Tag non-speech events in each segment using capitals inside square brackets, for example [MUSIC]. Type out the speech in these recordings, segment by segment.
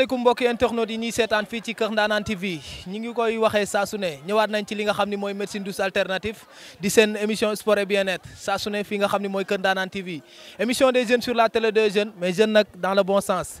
asalaamaaleykum mbokki internautes yi seetaan fii ci Kër Ndaanaan TV ñi waxe koy waxee saa su nañ ci li nga xam ni mooy médecine douce alternative di seen émission sport et bien-être saa su nga xam ne mooy Kër Ndaanaan TV émission des jeunes sur la télé des jeunes mais jeunes nag dans le bon sens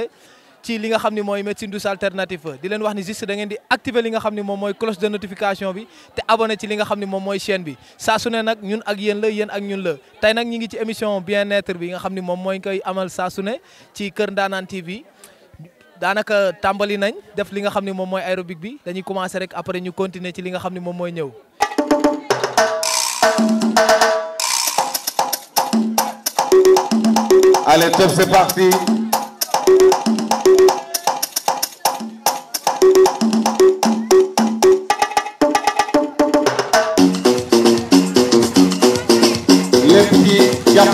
jàppale ci li nga xam ni mooy médecine douce alternative di leen wax ni juste da di activer li nga xam ni moom mooy cloche de notification bi te abonné ci li nga xam ni moom mooy chaîne bi saa su ne nag ñun ak yéen la yéen ak ñun la tey nag ñi ngi ci émission bien-être bi nga xam ni moom mooy koy amal saa su ci Kër Ndaanaan TV daanaka tàmbali nañ def li nga xam ni moom mooy aérobic bi dañuy commencer rek après ñu continuer ci li nga xam ni moom mooy ñëw. Allez, top,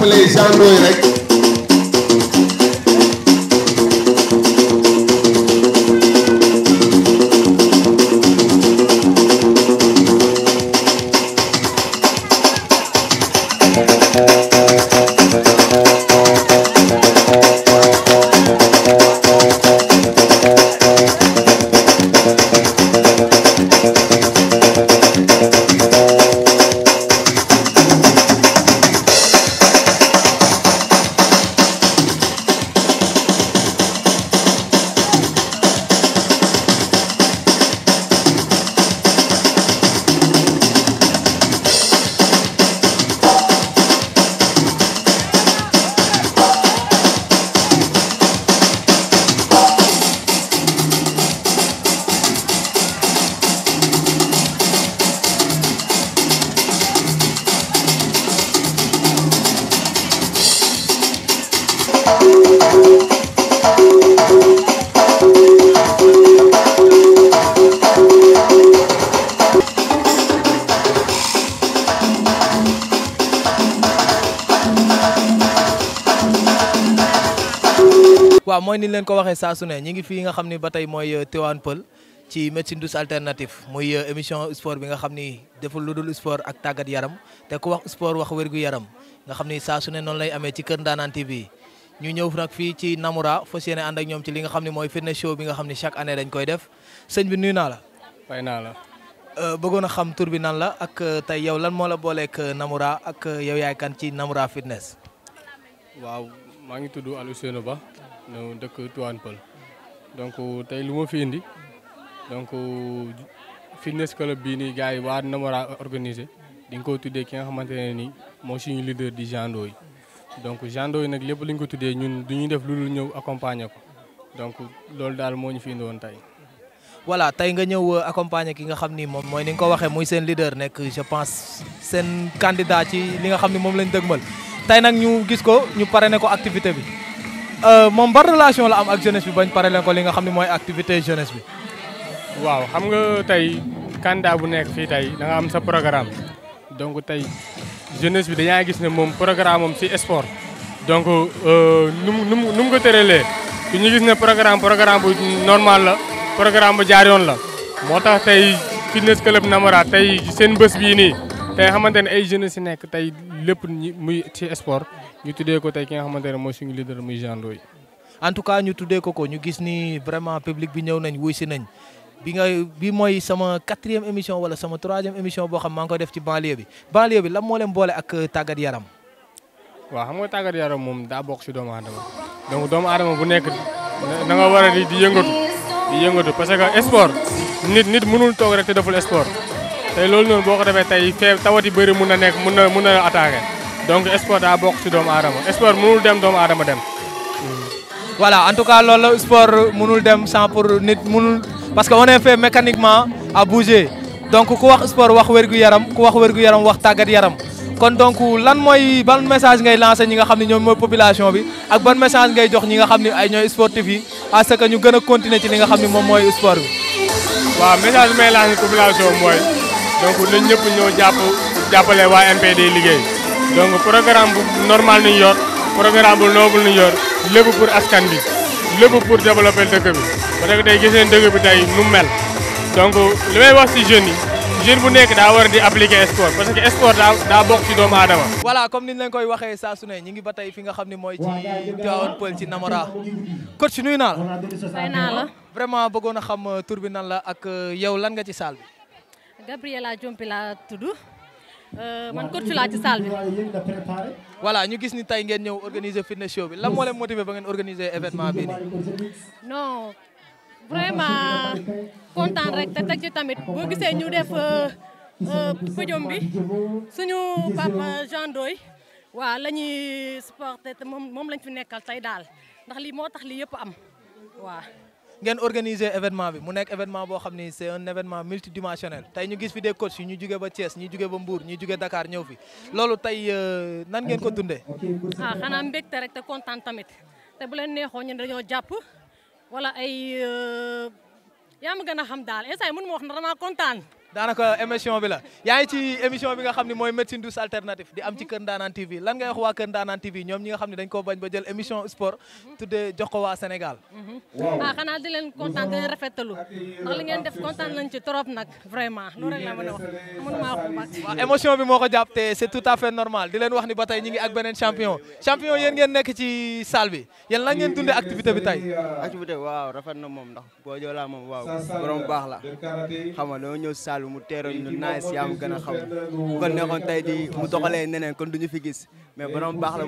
jàppalee gendarme yi rek Thank you. waaw mooy ni leen ko waxee saa su ne ñi ngi fii nga xam ni ba tey mooy euh, Tivaouane Peulh ci médecine douce alternative muy euh, émission sport bi nga xam ni deful lu dul sport ak tàggat yaram te ku wax sport wax wérgu yaram nga xam ni saa su ne noonu lay amee ci Kër Ndaanaan TV ñu ñëw nag fii ci Namoura fas yéene ànd ak ñoom ci li nga xam ne mooy fitness show bi nga xam ni chaque année dañ koy def sëñ bi nuyu naa la. fay naa la. Euh, bëggoon a xam turbi nan la ak tey yow lan moo la booleeg ak yow yaay ci Namoura fitness. waaw ngi tudd Aliou Seynou Ba ñoo dëkk Tivaouane Peulh donc tey lu ma fi indi donc fitness club bii nii gars yi waa Namora organisé di ko tuddee ki nga xamante ne nii moo suñu leader di Jando yi donc Jando yi nag lépp lu ñu ko tuddee ñun du ñuy def lu dul ñëw accompagner ko donc loolu daal moo ñu fi indi woon tey. voilà tey nga ñëw euh, accompagner ki nga xam ni moom mooy ni nga ko waxee muy seen leader nekk je pense seen candidat ci li nga xam ni moom lañ dëgmal tey nag ñu gis ko ñu pare activité bi. Euh, moom ban relation la am ak jeunesse bi bañ pare leen li nga xam ne mooy activité jeunesse bi. waaw xam nga tey candidat bu nekk fii tey da nga am sa programme donc tey jeunesse bi dañaa gis ne moom programme am si sport. donc euh, nu mu nu mu nu mu ko tëralee ñu gis ne programme programme bu normal la programme bu jaar yoon la moo tax tey fitness club Namara tey seen bés bii nii. tey xamante ne ay jeunes si nekk tey lépp ñi muy ci sport ñu tuddee ko tey ki nga xamante ne mooy suñu leader muy Jean Ndoye en tout cas ñu tuddee ko ko ñu gis ni vraiment public bi ñëw nañ wuy si nañ bi nga bi mooy sama quatrième émission wala sama troisième émission boo xam maa ngi ko def ci banlieue bi banlieue bi lan moo leen boole ak tàggat yaram. waaw xam nga tàggat yaram moom daa bokk si doomu aadama donc doomu aadama bu nekk da nga war a di yëngatu di yëngatu parce que sport nit mënul toog rek te deful sport. tey loolu noonu boo ko defee tey feeb tawat yi bëri mun na nekk mun na mun na attaqué donc sport daa bokk si doomu aadama sport mënul dem doomu aadama dem. voilà en tout cas loolu sport mënul dem sans pour nit mënul parce que on est fait mécaniquement à bouger donc ku wax sport wax wérgu yaram ku wax wérgu yaram wax tàggat yaram. kon donc lan mooy ban message ngay lancé ñi nga xam ne ñoom mooy population bi ak ban message ngay jox ñi nga xam ne ay ñooy sportif yi à ce que ñu gën a continuer ci li nga xam ne moom mooy sport bi. waaw message donc nañ ñëpp ñëw jàpp jàppale waa MPD liggéey donc programme bu normal nañ yor programme bu noble nañ yor lépp pour askan bi lépp pour développer dëkk bi parce que tey gis dëkk bi tey nu mel donc li may wax si jeunes yi jeune bu nekk daa war di appliquer sport parce que sport daa daa bokk ci doomu aadama. voilà comme niñ leen koy waxee saa su ñu ngi ba tey fi nga xam ne mooy ci Tivaouane Peulh ci Namora coach nuyu naa naa la. vraiment bëggoon a xam euh, tur bi nan la ak euh, yow lan nga ci salle Gabriela Diompi laa tudd euh, man coach laa ci salle bi. ñu gis ni tey ngeen ñëw organiser fitness show bi lan moo leen motiver ba ngeen organiser événement bi nii. non vraiment kontaan rek te teg ci tamit boo gisee ñu def euh, euh, podium bi suñu papa Jean Doy waaw la ñuy supporté te moom moom lañ fi nekkal tey daal ndax lii moo tax li yëpp am waaw. ngeen organiser événement bi mu nekk événement boo xam ni c'est un événement multidimensionnel tey ñu gis fi des coachs yi ñu jugee ba Thiès ñu jugee ba Mbour ñu jugee Dakar ñëw fi loolu tey euh, nan ngeen ko dundee. ah xanaa mbégte terek te kontaan tamit te bu leen neexoo ñun dañoo jàpp wala ay euh, yaa ma gën a xam daal instant yii mënu ma wax na damaa kontaan. daanaka émission bi la yaa ngi ci émission bi nga xam ne mooy médecine douce alternative di am ci Kër Ndaanaan TV lan ngay wax waa Kër Ndaanaan TV ñoom ñi nga xam ne dañ koo bañ ba émission sport tuddee jox ko waa Sénégal waaw ah, xanaa di leen kontaan di leen rafetalu ndax li ngeen def kontaan ci trop nag vraiment loolu rek laa a wax bi moo ko jàpp te c'est tout à fait normal di leen wax ni ba tey ñi ngi ak beneen champion champion yéen ngeen nekk ci salle bi yéen lan ngeen dundee activité bi tey activité waaw rafet na moom ndax boo moom waaw borom baax la xam nga dañoo ñëw salle bi mu teeroon ñu nice yaa gën a xam bu ko neexoon tey di mu doxalee neneen kon du ñu fi gis mais borom baax lu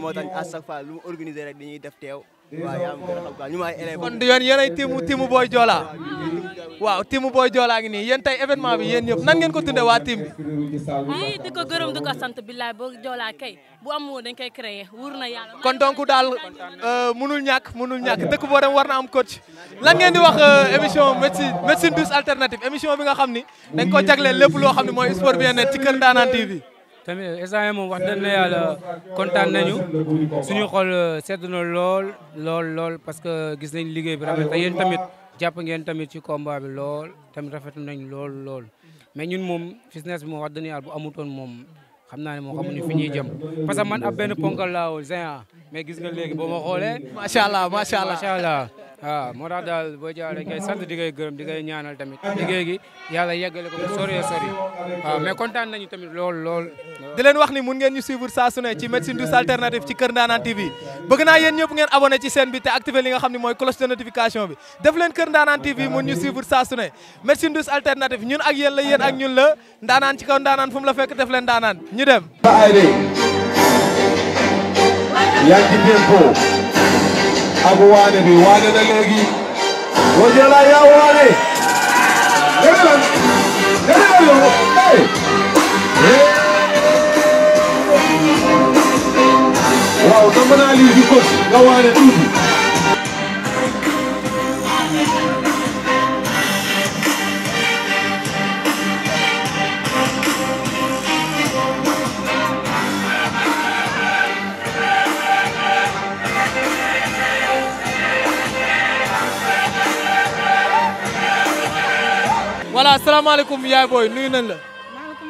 mu organisé rek dañuy waaw yaa ngi xam quoi ñu may élèves. kon yéen yéenay timu timu booy Joola waaw timu ngi nii yéen tey bi yéen ñëpp nan ngeen ko tundee waa tim gërëm di ko sant billaay boo Joola kay bu amoo dañ koy créer wóor na yàlla. kon donc daal euh, mënul ñàkk mënul ñàkk dëkk boo dem war na am coach lan ngeen di wax euh, émission médecine médecine douce alternative émission bi nga xam ni dañ ko jagleel lépp loo xam ne mooy sport bien-être ci Kër Ndanane TV. tamit instant moom wax dëgg na yàlla kontaan nañu suñu xol euh, sedd na lool lool lool parce que gis nañ liggéey bi rafet na yéen tamit jàpp ngeen tamit ci combat bi lool tamit rafet nañ lool lool. mais ñun moom business bi moom wax dëgg bu amutoon moom xam naa ne moo xamuñu fi ñuy jëm parce que man ab benn ponkal laa woon mais gis na léegi boo ma xoolee. macha allah macha allah allah. waaw ah, moo tax daal boo jaa dañ koy di koy gërëm di koy ñaanal tamit liggéey gi yàlla yeggale ko mu sori sori waaw ah, mais kontaan nañu tamit lool lool di leen wax ni mun ngeen ñu suivre saa su ne ci médecine douce alternative ci Kër Ndaanaan TV bëgg naa yéen ñëpp ngeen abonné ci chaîne bi te activé li nga xam ne mooy cloche de notification bi def leen Kër Ndaanaan TV mun ñu suivre saa su ne médecine ñun ak yéen la yéen ak ñun la ndaanaan ci kaw ndaanaan fu la fekk def leen ndaanaan ñu abu wane bi wane na léegi wajala yaa wane dégal dégal yo hey waaw dama naa lii di ko nga wane tuuti voilà salaamaaleykum yaay booy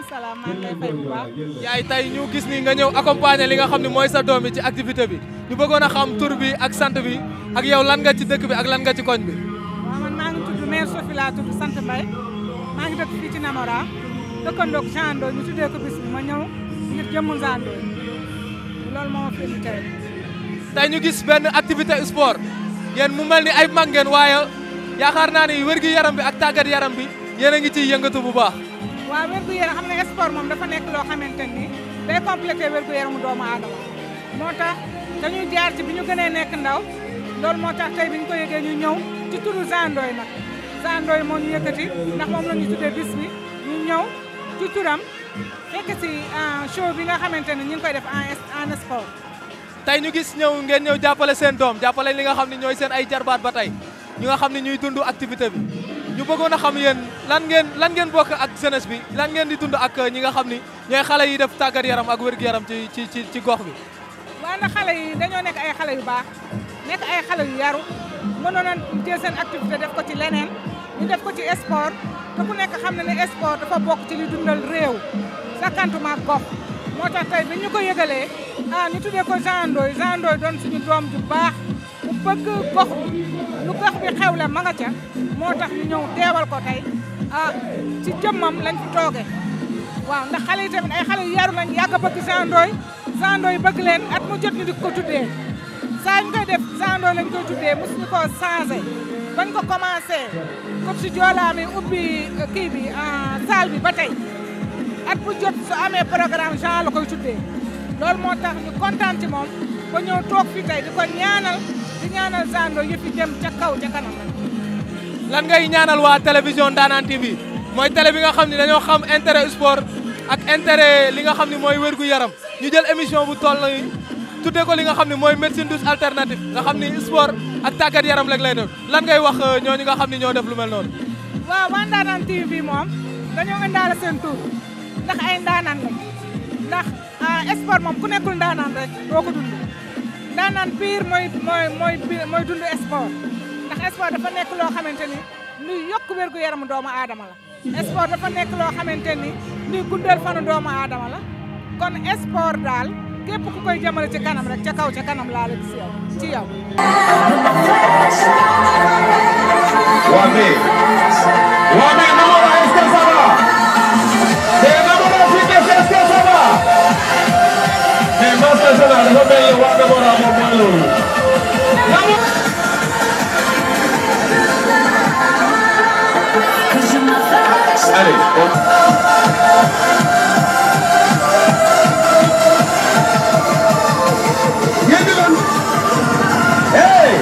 salaam maa ngi ñu gis ni nga ñëw accompagner li nga xam ne mooy sa doom ci activité bi ñu bëggoon a xam tur bi ak sant bi ak yow lan nga ci dëkk bi ak lan nga ci koñ bi. waaw maa ngi tudd mère Sophie laa tudd sant Mbaye maa ngi dëkk fii ci Namora dëkkandoog Jean Ndoye ñu tuddee ko bis ma ñëw ngir jëmmu Jean Ndoye loolu moo fi indi tey. ñu gis benn activité sport yéen mu mel ni ay mag waaye yaakaar naa ni wér gi yaram bi ak tàggat yaram bi. yéen a ngi ciy yëngatu bu baax. waaw wér gu xam ne sport moom dafa nekk loo xamante ni day complété wér gu yaramu doomu moo tax dañuy jaar bi ñu gënee nekk ndaw loolu moo tax tey bi ñu ko yëgee ñu ñëw ci turu Zandooy nag Zandooy moo ñu yëkkati ndax moom la ñu tuddee bis bi ñu ñëw ci turam fekk si euh, show bi nga xamante ni ñu ngi koy def en en tey ñu gis ñëw ngeen ñëw jàppale seen doom jàppale li nga xam ne ñooy seen ay jarbaat ba tey ñu nga xam ne ñuy dund activité bi ñu bëggoon a xam yéen. lan ngeen lan ngeen bokk ak jeunesse bi lan ngeen di dund ak ñi nga xam ni ñooy xale yi def tàggat yaram ak wér-gu-yaram ci ci ci ci gox bi. waa na xale yi dañoo nekk ay xale yu baax nekk ay xale yu yaru mënoon a jël seen activité def ko ci leneen ñu def ko ci sport te ku nekk xam na ne sport dafa bokk ci li dundal réew sakkantuma gox moo tax tey bi ñu ko yëgalee ah ñu tuddee ko Jean Ndoye Jean si doon doom ju ku bëgg gox lu gox bi xew la ma nga ca moo tax ñu ñëw teewal ko tey a ah, ci jëmmam lañ fi tooge waaw ndax xale yi tamit ay xale yu yaru lañ yàgg a bëgg Jean Ndoye bëgg leen at mu jot ñu di ko tuddee saa koy def Jean Ndoye lañ koy tuddee mosuñu koo changé bañ ko commencé ko si joolaa ubbi euh, kii bi euh, bi ba at bu jot su amee programme Jean la koy tuddee loolu moo tax ñu kontaan moom ba ñëw toog fi tey di ko ñaanal di ñaanal Jean Ndoye yëpp dem ca kaw lan ngay ñaanal waa télévision Ndanane TV mooy télé bi nga xam ne dañoo xam intérêt sport ak intere li nga xam ne mooy wérgu yaram ñu jël émission bu toll nañu tuddee ko li nga xam ne mooy médecine douce alternative nga xam ni sport ak tàggat yaram rek lay def lan ngay wax euh, ñooñu nga xam ne ñoo def lu mel noonu. waaw waa Ndanane TV moom dañoo indaale seen tur ndax ay ndaanaan lañ ndax euh, sport moom ku ndaanaan rek boo ko dund ndaanaan pire mooy mooy mooy ndax sport dafa nekk loo xamante ni luy yokk wérgu yaramu doomu aadama la sport dafa nekk loo xamante ni luy guddal fanu doomu aadama la kon sport daal képp ku koy jëmale ci kanam rek ca kaw ca kanam laa la gis yow ci yow waame waame namoro est-ce que ça va te namoro fi des est-ce que ça va mais waa d'abord moom Allez, on... Yéen doon Hey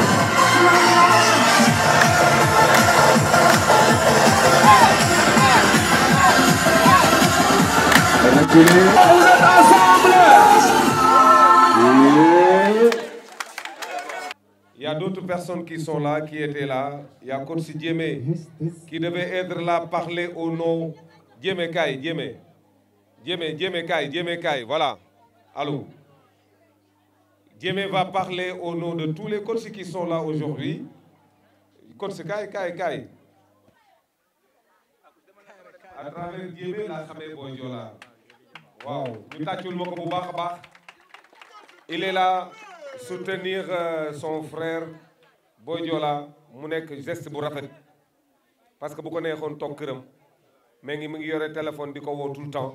Allez, d'autres personnes qui sont là, qui étaient là. Il y a Kotsi Djemé, qui être là, parler au nom. Djemé Kai, Djemé. Djemé, Djemé Kai, Djemé Kai, voilà. Allô. Djemé va parler au nom de tous les Kotsi qui sont là aujourd'hui. Kotsi Kai, Kai, Kai. À travers Djemé, la Khamé Bonjola. Waouh. Il est là. soutenir euh, son frère boo Diola mu nekk gest bu rafet parce que bu ko neexoon toog këram mais ngi mi ngi yore téléphone di ko woo tout temps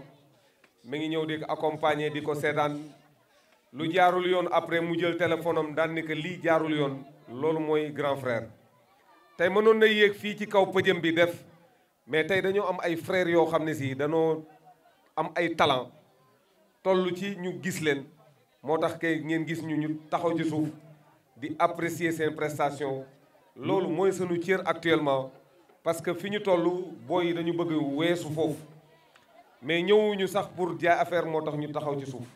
mi ngi ñëw di ko accompagner di ko seetaan lu jaarul yoon après mu jël téléphone am daan ni lii jaarul yoon loolu mooy grand frère. tey mënoon na yéeg fii ci kaw pëjëm bi def mais tey dañoo am ay frères yoo xam ne si dañoo am ay talent toll ci ñu gis leen. moo tax kay ngeen gis ñu ñu taxaw ci suuf di apprécier seen prestation loolu mooy sunu cër actuellement parce que fi ñu toll booy yi dañu bëgg weesu foofu mais ñëwuñu sax pour jaay affaire moo tax ñu taxaw ci suuf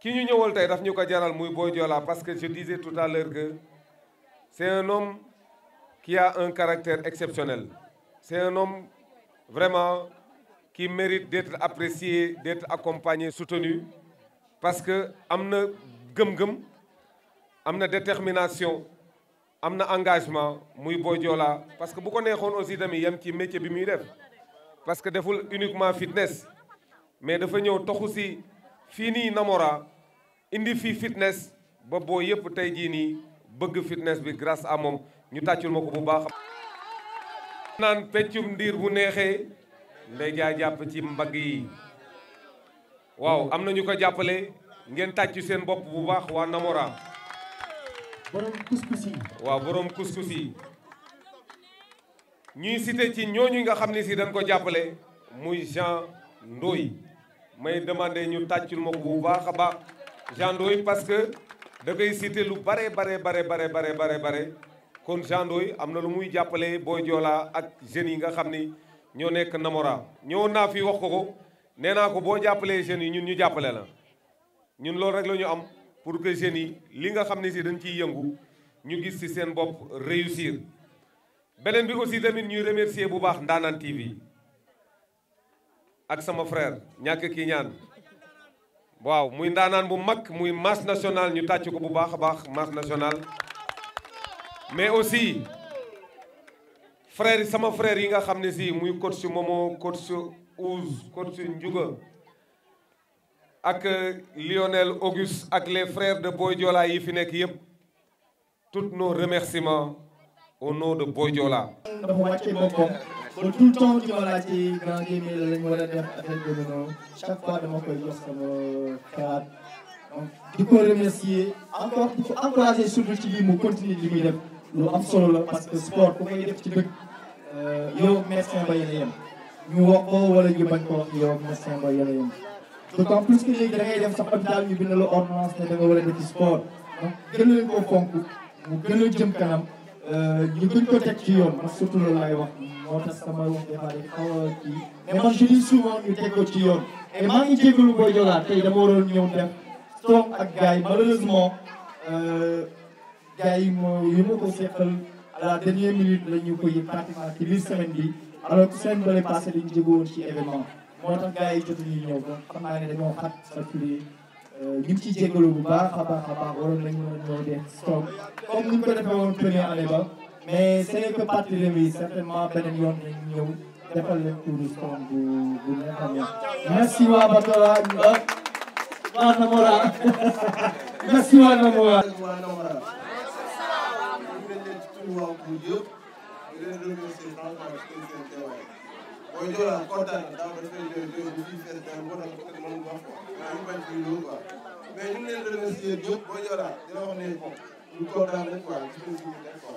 ki ñu ñëwal tey daf ñu ko jaral muy Boy Diola parce que je disais tout à l'heure que c'est un homme qui a un caractère exceptionnel c'est un homme vraiment qui mérite d'être apprécié d'être accompagné soutenu parce que am na gëm-gëm am na détermination am na engagement muy Boy Diola parce que bu ko neexoon aussi tamit yem ci métier bi muy def parce que deful uniquement fitness mais dafa ñëw toxu si fii nii Namora indi fii fitness ba boo yëpp tey jii nii bëgg fitness bi grâce amoom ñu tàccul ma ko bu baax naan peccum ndiir bu neexee ndey jaay jàpp ci mbagg yi waaw am na ñu ko jàppale ngeen tàcc seen bopp bu baax waa Namora. borom couscous waaw borom couscous yi ñuy cité ci ñooñu nga xam ne si dañ ko jàppale muy Jean Ndoye may demandé ñu tàccul ma ko bu baax a baax Jean Ndoye parce que da koy lu bare bare bare bare bare bare bare kon Jean Ndoye am na lu muy jàppale booy joolaa ak jeunes yi nga xam ni ñoo nekk Namora ñëwoon naa fi wax ko ko. nee naa ko boo jàppalee jeunes yi ñun ñu jàppale la ñun loolu rek la ñu am pour que jeunes yi li nga xam ne si dañ ciy yëngu ñu gis si seen bopp réussir beneen bi aussi tamit ñuy remercier bu baax Ndanane TV ak sama frère ñàkk kii ñaan waaw muy ndaanaan bu mag muy masse nationale ñu tàcc ko bu baax a baax masse nationale mais aussi frère sama frère yi nga xam ne si muy coach Momo coach Ouz Kotsu Ndiouga ak euh, Lionel Auguste ak les frères de Boy Diola yi fi nekk yëpp toutes nos remerciements au nom de Boy Diola. ci chaque fois dama koy jox sama xalaat di ko remercier encore di ko encourager surtout ci lii mu continuer li muy def lu am solo la parce que sport ku koy def ci dëkk euh, yow médecin ba yéen yem. mu wax ko wala ñu bañ ko wax yow médecin ba yore yem plus que léegi da ngay dem sax hôpital ñu bind la ordonnance ne da nga war a defi sport donc gën leen koo fonk mu gën jëm kanam euh, ñu ko teg ci yoon man surtout loolu laay wax moo tax sama a kii souvent ñu teg ko ci yoon et maa ngi jégalu booy jolaa tey dama waroon ñëw def toog ak gars yi malheureusement euh, gars yi moo yu ma ko seqal à la minute la ñu koy pratiquement ci biir semaine bi alors que semaine bële passé dañu jóge ci événement moo tax gars yi jotuñu ñëw donc xam naa ne dañoo xat circulé euh, ñu ngi ciy bu baax a baax a baax waroon nañu ñëw de stock comme bu bu neex merci waa Batola waa [LAUGHS] merci waa Namora. di leen remercier franchement ci seen teewaay booy Joola kontaan na daaw dafay jooy jooy bu fii fees daal moo tax peut-être mënu wax quoi waaye ñu bañ fii loolu quoi mais ñu ngi leen remercier ñëpp booy Joola di la wax ne bon ñu kontaan rek quoi ci suñu suñu rek quoi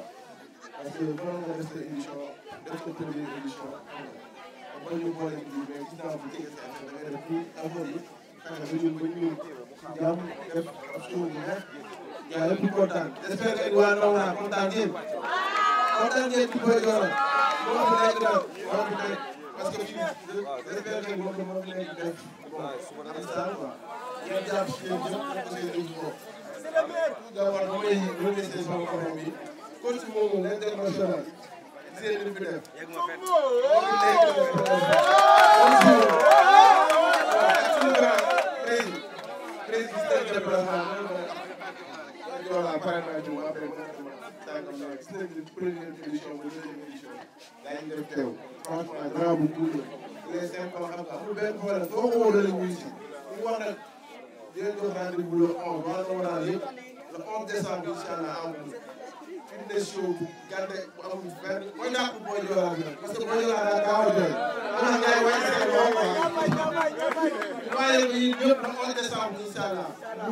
parce que mënoon nga def sa émission def sa première émission ba ñu boole bi mais gis naa bu jege sa affaire da ngay def tout effort yi fexe ba ñun ba ñu si jàmm def ab suñu bu neex gaa yëpp kontaan j'espère que waa Ndao naa kontaan ngeen kontaan ngeen ci bëri Dóoró moo fi nekk daal moo fi nekk parce que fii référé moom moo fi nekk def bon instant quoi ngeen jàpp si yéen ñëpp parce que dañu ko. d'abord ma may remercier sama borom bi coach moomu l'international gisee li mu fi def. moo fi nekk président président président déplacement sàngam ah, la gis nañ ne première édition ba deuxième édition daañu def teew franchement grand bu cool la les cinq xam nga amul benn problème a a jooy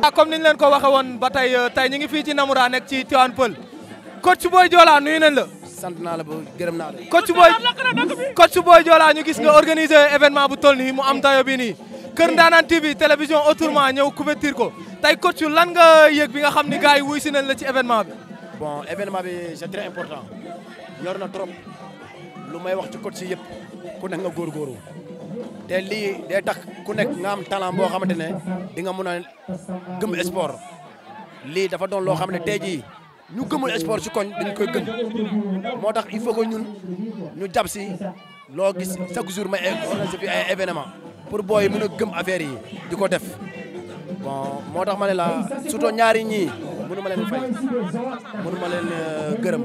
wax niñ leen ko waxe woon ba tey euh, tey ci Namoura nekk ci Tivaouane Peulh coach Boy Diola nuyu nañ la. sant naa la ba gërëm naa la. coach Boy coach Boy ñu gis nga organiser événement bu toll nii mu am dayo bi nii. Kër Ndaanaan TV télévision autrement ñëw couverture ko tey coach lan nga yëg bi nga xam ni gars yi wuy si nañ la ci événement bi. bon événement bi c'est très important ñor na trop lu may wax ci coach yi yëpp ku nekk nga góoru te lii day tax ku nekk nga am talent boo xamante ne di nga mën a gëm sport lii dafa doon loo xam ne tey jii. ñu gëmul sport ci koñ dañ koy gëm moo tax il faut ñun ñu jàpp si loo gis chaque jour may organiser fi événement pour booy mën a gëm affaire yi di ko def bon moo tax ma ne la suto ñaari ñii mënu ma leen fay mënu ma leen euh, gërëm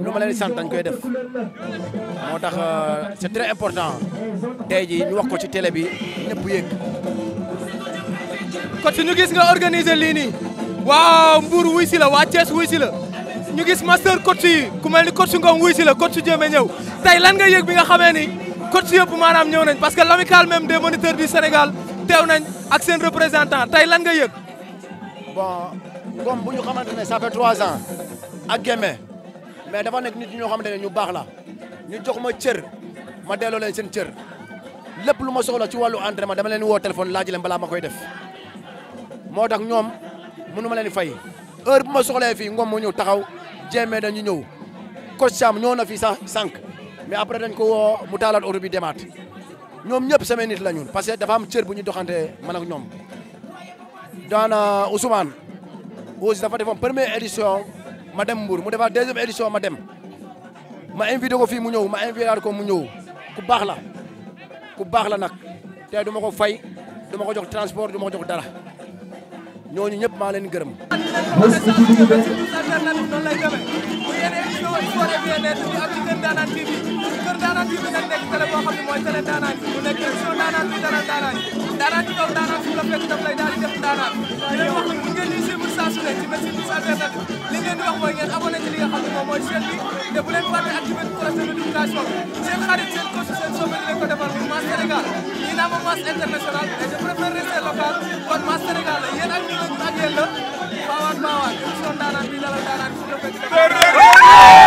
mënu ma leen sant dañ koy def moo tax euh, c'est très important tey ji ñu wax ko ci télé bi ñëpp yëg. kon su ñu gis nga organiser lii waaw Mbour wuy si la waa Thiès wuy si la ñu gis master coach yi ku mel ni si Ngom wuy si la coach Jéeme ñëw tey lan nga yëg bi nga xamee ni coach yëpp maanaam ñëw nañ parce que l'amicale même des moniteurs du Sénégal teew nañ ak seen représentant tey lan nga yëg. bon comme bu ñu xamante ne ça fait trois ans ak Guémé mais dafa nekk nit ñoo xamante ne ñu baax la ñu jox ma cër ma delloo leen seen cër lépp lu ma soxla ci wàllu ma dama leen woo téléphone laaj leen balaa ma koy def moo ñoom. mënu ma leen fay heure bu ma soxlee fii ngoom moo ñëw taxaw jéemee dañu ñëw coach Sam ñëw na fi sax sànq mais après dañ ko woo mu taalaat oto bi demaat ñoom ñëpp semaine nit la ñun parce que dafa am cër bu ñu doxantee man nag ñoom daana Ousmane aussi dafa defoon première édition ma dem Mbour mu defaat deuxième édition ma dem ma invité ko fii mu ñëw ma invité ko mu ñëw ku baax la ku baax la nag te du ma ko fay du ma ko jox transport du moo ko jox dara ñooñu ñëpp maa leen gërëm. daanaan bi nag nekk télé boo xam ne mooy télé daanaan bi mu nekk émission daanaan bi dalal daanaan daanaan bi kaw daanaan fu la fekk daf lay daal di def daanaan yéen wax ni ngeen ñu suivre saa su ne ci Messi News Alternative li ngeen di wax mooy ngeen abonné ci li nga xam ne moom mooy chaîne bi te bu leen fàtte activé cloche de notification seen xarit seen coach seen soppe di leen ko defal bi Mass Sénégal ñii naa ma Mass international resté local kon ma Sénégal la yéen ak ñun ak yéen la Pawaat Pawaat émission daanaan bi dalal daanaan bi